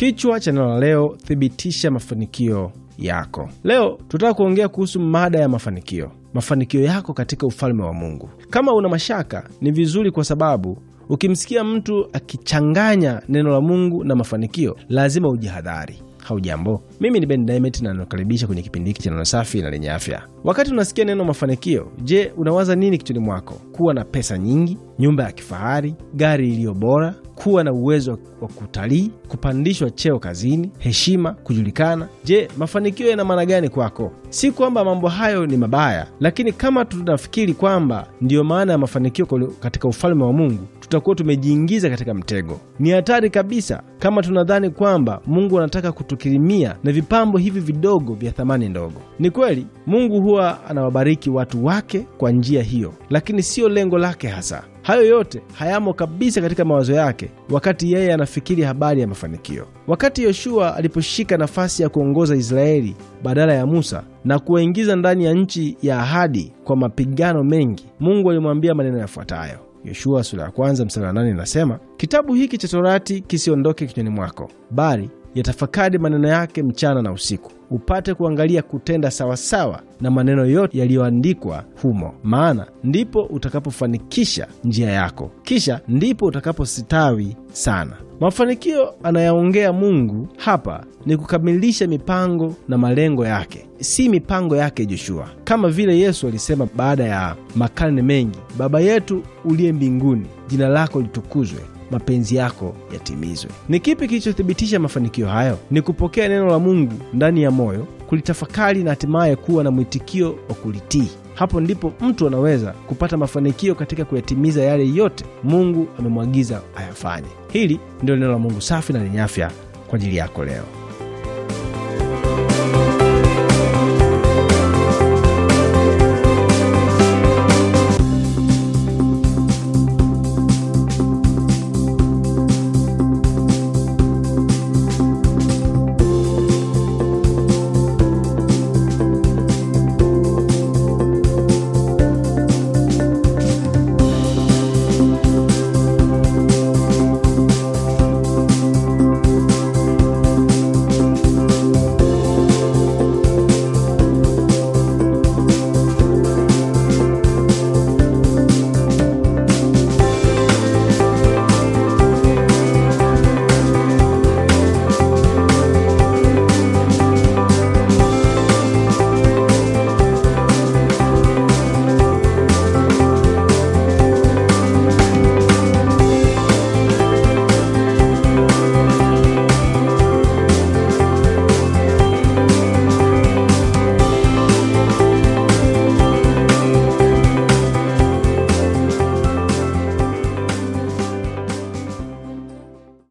Kichwa cha neno la leo, thibitisha mafanikio yako. Leo tunataka kuongea kuhusu mada ya mafanikio, mafanikio yako katika ufalme wa Mungu. Kama una mashaka, ni vizuri kwa sababu ukimsikia mtu akichanganya neno la Mungu na mafanikio, lazima ujihadhari. Haujambo, mimi ni Ben Diamond na nakukaribisha kwenye kipindi hiki cha neno safi na lenye afya. Wakati unasikia neno mafanikio, je, unawaza nini kichwani mwako? Kuwa na pesa nyingi, nyumba ya kifahari, gari iliyo bora, kuwa na uwezo wa kutalii, kupandishwa cheo kazini, heshima, kujulikana. Je, mafanikio yana maana gani kwako? Si kwamba mambo hayo ni mabaya, lakini kama tunafikiri kwamba ndiyo maana ya mafanikio katika ufalme wa Mungu, tutakuwa tumejiingiza katika mtego. Ni hatari kabisa kama tunadhani kwamba Mungu anataka kutukirimia na vipambo hivi vidogo vya thamani ndogo. Ni kweli Mungu huwa anawabariki watu wake kwa njia hiyo, lakini siyo lengo lake hasa. Hayo yote hayamo kabisa katika mawazo yake wakati yeye anafikiri habari ya mafanikio. Wakati Yoshua aliposhika nafasi ya kuongoza Israeli badala ya Musa na kuwaingiza ndani ya nchi ya ahadi kwa mapigano mengi, Mungu alimwambia maneno yafuatayo. Yoshua sura ya kwanza mstari wa nane inasema, kitabu hiki cha Torati kisiondoke kinywani mwako, bali yatafakari maneno yake mchana na usiku, upate kuangalia kutenda sawasawa na maneno yote yaliyoandikwa humo, maana ndipo utakapofanikisha njia yako, kisha ndipo utakapositawi sana. Mafanikio anayaongea Mungu hapa ni kukamilisha mipango na malengo yake, si mipango yake Joshua. Kama vile Yesu alisema baada ya makarne mengi, Baba yetu uliye mbinguni, jina lako litukuzwe mapenzi yako yatimizwe. Ni kipi kilichothibitisha mafanikio hayo? Ni kupokea neno la Mungu ndani ya moyo, kulitafakari na hatimaye kuwa na mwitikio wa kulitii. Hapo ndipo mtu anaweza kupata mafanikio katika kuyatimiza yale yote Mungu amemwagiza ayafanye. Hili ndilo neno la Mungu safi na lenye afya kwa ajili yako leo.